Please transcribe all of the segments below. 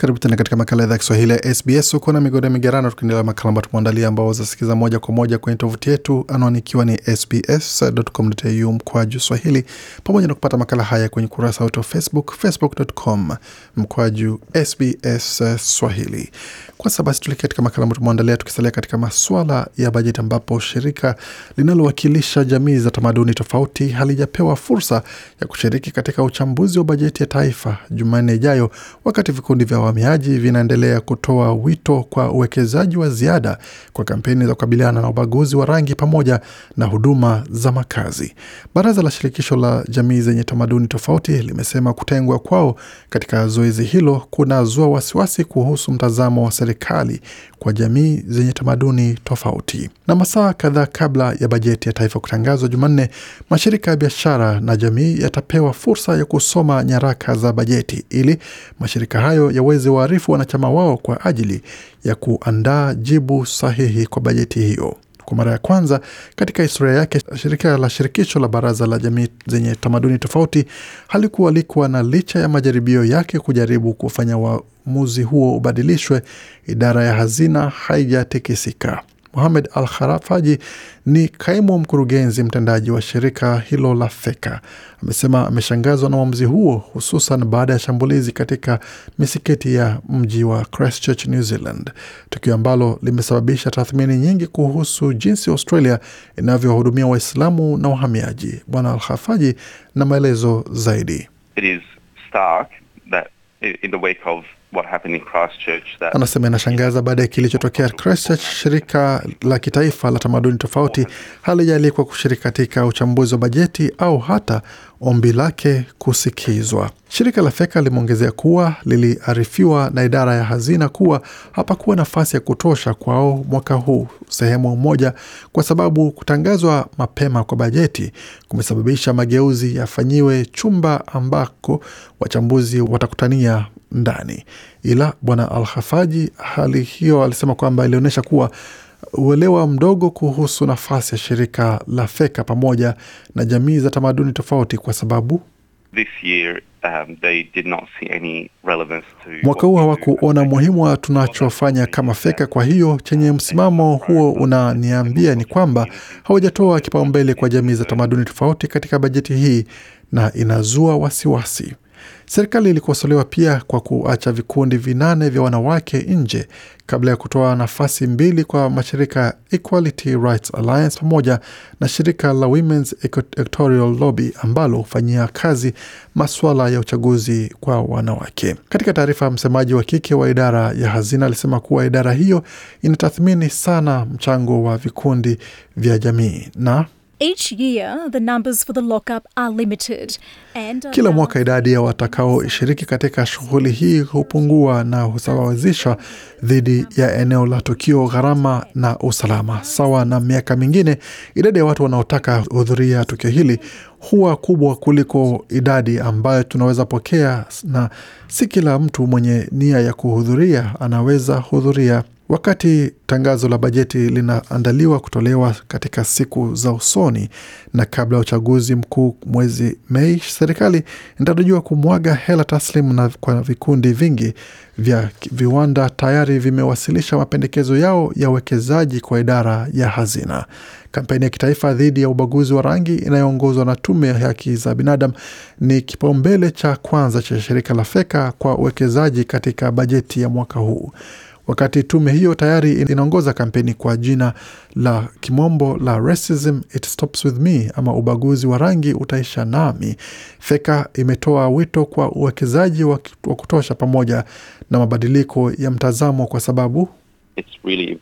Karibu tena katika makala idhaa ya Kiswahili ya SBS. Huko na migode migerano, tukiendelea makala ambayo tumeandalia, ambao zasikiza moja kwa moja kwenye tovuti yetu, anwani ikiwa ni sbs.com.au mkwaju swahili, pamoja na kupata makala haya kwenye kurasa wetu wa Facebook, facebook.com mkwaju sbs swahili. Kwa basi, katika makala ambayo tumeandalia, tukisalia katika maswala ya bajeti, ambapo shirika linalowakilisha jamii za tamaduni tofauti halijapewa fursa ya kushiriki katika uchambuzi wa bajeti ya taifa Jumanne ijayo, wakati vikundi vya wahamiaji vinaendelea kutoa wito kwa uwekezaji wa ziada kwa kampeni za kukabiliana na ubaguzi wa rangi pamoja na huduma za makazi. Baraza la Shirikisho la Jamii zenye Tamaduni Tofauti limesema kutengwa kwao katika zoezi hilo kunazua wasiwasi kuhusu mtazamo wa serikali serikali kwa jamii zenye tamaduni tofauti. Na masaa kadhaa kabla ya bajeti ya taifa kutangazwa Jumanne, mashirika ya biashara na jamii yatapewa fursa ya kusoma nyaraka za bajeti ili mashirika hayo yaweze waarifu wanachama wao kwa ajili ya kuandaa jibu sahihi kwa bajeti hiyo. Kwa mara ya kwanza katika historia yake, shirika la shirikisho la baraza la jamii zenye tamaduni tofauti halikualikwa, na licha ya majaribio yake kujaribu kufanya uamuzi huo ubadilishwe, idara ya hazina haijatikisika muhamed Al-Kharafaji ni kaimu mkurugenzi mtendaji wa shirika hilo la Feka. Amesema ameshangazwa na uamuzi huo, hususan baada ya shambulizi katika misikiti ya mji wa Christchurch, New Zealand, tukio ambalo limesababisha tathmini nyingi kuhusu jinsi Australia inavyowahudumia Waislamu na wahamiaji. Bwana Al-Kharafaji na maelezo zaidi. It is stark that in the wake of Anasema inashangaza baada ya kilichotokea Christchurch, shirika la kitaifa la tamaduni tofauti halijaalikwa kushiriki katika uchambuzi wa bajeti au hata ombi lake kusikizwa. Shirika la Feka limeongezea kuwa liliarifiwa na idara ya hazina kuwa hapakuwa nafasi ya kutosha kwao mwaka huu sehemu moja, kwa sababu kutangazwa mapema kwa bajeti kumesababisha mageuzi yafanyiwe chumba ambako wachambuzi watakutania ndani. Ila bwana alhafaji hali hiyo alisema kwamba ilionyesha kuwa uelewa mdogo kuhusu nafasi ya shirika la Feka pamoja na jamii za tamaduni tofauti, kwa sababu Um, they did not see any relevance to mwaka huu hawakuona muhimu wa tunachofanya kama Feka. Kwa hiyo chenye msimamo huo unaniambia ni kwamba hawajatoa kipaumbele kwa jamii za tamaduni tofauti katika bajeti hii, na inazua wasiwasi wasi. Serikali ilikosolewa pia kwa kuacha vikundi vinane vya wanawake nje kabla ya kutoa nafasi mbili kwa mashirika Equality Rights Alliance pamoja na shirika la Women's Electoral Lobby ambalo hufanyia kazi masuala ya uchaguzi kwa wanawake. Katika taarifa, msemaji wa kike wa idara ya hazina alisema kuwa idara hiyo inatathmini sana mchango wa vikundi vya jamii na Each year, the numbers for the lockup are limited and uh, kila mwaka idadi ya watakaoshiriki katika shughuli hii hupungua na husawazishwa dhidi ya eneo la tukio, gharama na usalama. Sawa na miaka mingine, idadi ya watu wanaotaka hudhuria tukio hili huwa kubwa kuliko idadi ambayo tunaweza pokea, na si kila mtu mwenye nia ya kuhudhuria anaweza hudhuria. Wakati tangazo la bajeti linaandaliwa kutolewa katika siku za usoni na kabla ya uchaguzi mkuu mwezi Mei, serikali inatarajiwa kumwaga hela taslimu, na kwa vikundi vingi vya viwanda tayari vimewasilisha mapendekezo yao ya uwekezaji kwa idara ya hazina. Kampeni ya kitaifa dhidi ya ubaguzi wa rangi inayoongozwa na Tume ya Haki za Binadamu ni kipaumbele cha kwanza cha shirika la Feka kwa uwekezaji katika bajeti ya mwaka huu wakati tume hiyo tayari inaongoza kampeni kwa jina la kimombo la Racism It Stops With Me, ama ubaguzi wa rangi utaisha nami. Feka imetoa wito kwa uwekezaji wa kutosha pamoja na mabadiliko ya mtazamo kwa sababu It's really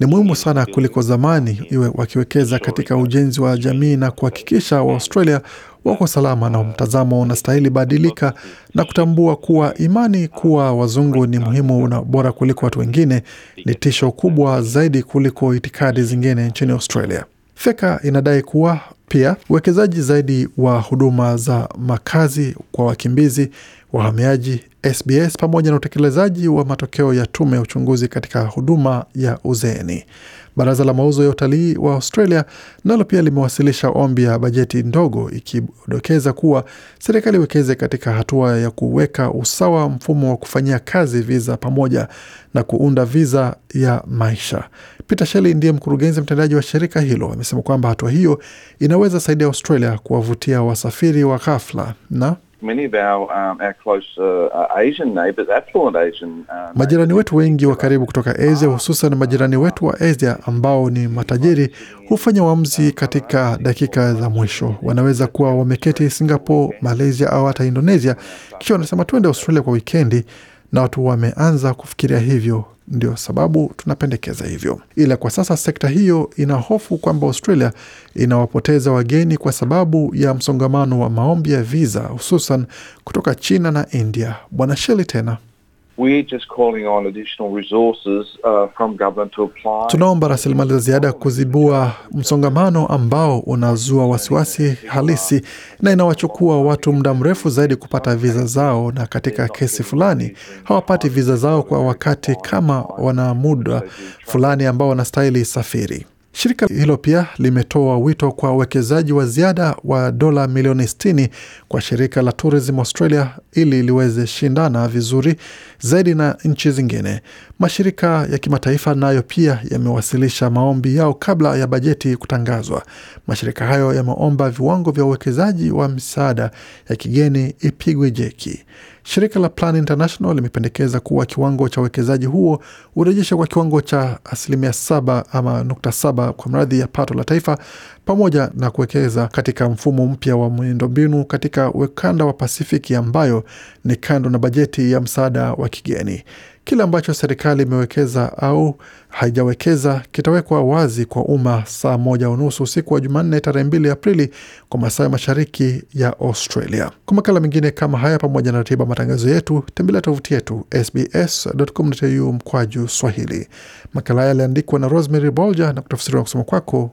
ni muhimu sana kuliko zamani iwe wakiwekeza katika ujenzi wa jamii na kuhakikisha Waaustralia wako salama, na mtazamo unastahili badilika na kutambua kuwa imani kuwa wazungu ni muhimu na bora kuliko watu wengine ni tisho kubwa zaidi kuliko itikadi zingine nchini Australia. Feka inadai kuwa pia uwekezaji zaidi wa huduma za makazi kwa wakimbizi wahamiaji SBS pamoja na utekelezaji wa matokeo ya tume ya uchunguzi katika huduma ya uzeeni. Baraza la mauzo ya utalii wa Australia nalo pia limewasilisha ombi ya bajeti ndogo ikidokeza kuwa serikali iwekeze katika hatua ya kuweka usawa mfumo wa kufanyia kazi viza pamoja na kuunda viza ya maisha. Peter Shelley ndiye mkurugenzi mtendaji wa shirika hilo, amesema kwamba hatua hiyo inaweza saidia Australia kuwavutia wasafiri wa ghafla na Majirani wetu wengi wa karibu kutoka Asia, hususan majirani wetu wa Asia ambao ni matajiri, hufanya uamuzi katika dakika za mwisho. Wanaweza kuwa wameketi Singapore, Malaysia au hata Indonesia, kisha wanasema tuende Australia kwa wikendi na watu wameanza kufikiria hivyo, ndio sababu tunapendekeza hivyo. Ila kwa sasa sekta hiyo ina hofu kwamba Australia inawapoteza wageni kwa sababu ya msongamano wa maombi ya viza, hususan kutoka China na India. Bwana Sheli tena Uh, Tunaomba rasilimali za ziada kuzibua msongamano ambao unazua wasiwasi halisi na inawachukua watu muda mrefu zaidi kupata viza zao, na katika kesi fulani hawapati viza zao kwa wakati kama wana muda fulani ambao wanastahili safiri. Shirika hilo pia limetoa wito kwa uwekezaji wa ziada wa dola milioni 60 kwa shirika la Tourism Australia ili liweze shindana vizuri zaidi na nchi zingine. Mashirika ya kimataifa nayo pia yamewasilisha maombi yao kabla ya bajeti kutangazwa. Mashirika hayo yameomba viwango vya uwekezaji wa misaada ya kigeni ipigwe jeki. Shirika la Plan International limependekeza kuwa kiwango cha uwekezaji huo urejeshe kwa kiwango cha asilimia saba ama nukta saba kwa mradhi ya pato la taifa pamoja na kuwekeza katika mfumo mpya wa miundombinu katika ukanda wa Pasifiki, ambayo ni kando na bajeti ya msaada wa kigeni. Kile ambacho serikali imewekeza au haijawekeza kitawekwa wazi kwa umma saa moja unusu usiku wa Jumanne tarehe mbili Aprili kwa masaa ya mashariki ya Australia. Kwa makala mengine kama haya pamoja na ratiba matangazo yetu tembelea tovuti yetu sbs.com.au mkwaju Swahili. Makala haya yaliandikwa na Rosemary Bolger na kutafsiriwa kusoma kwako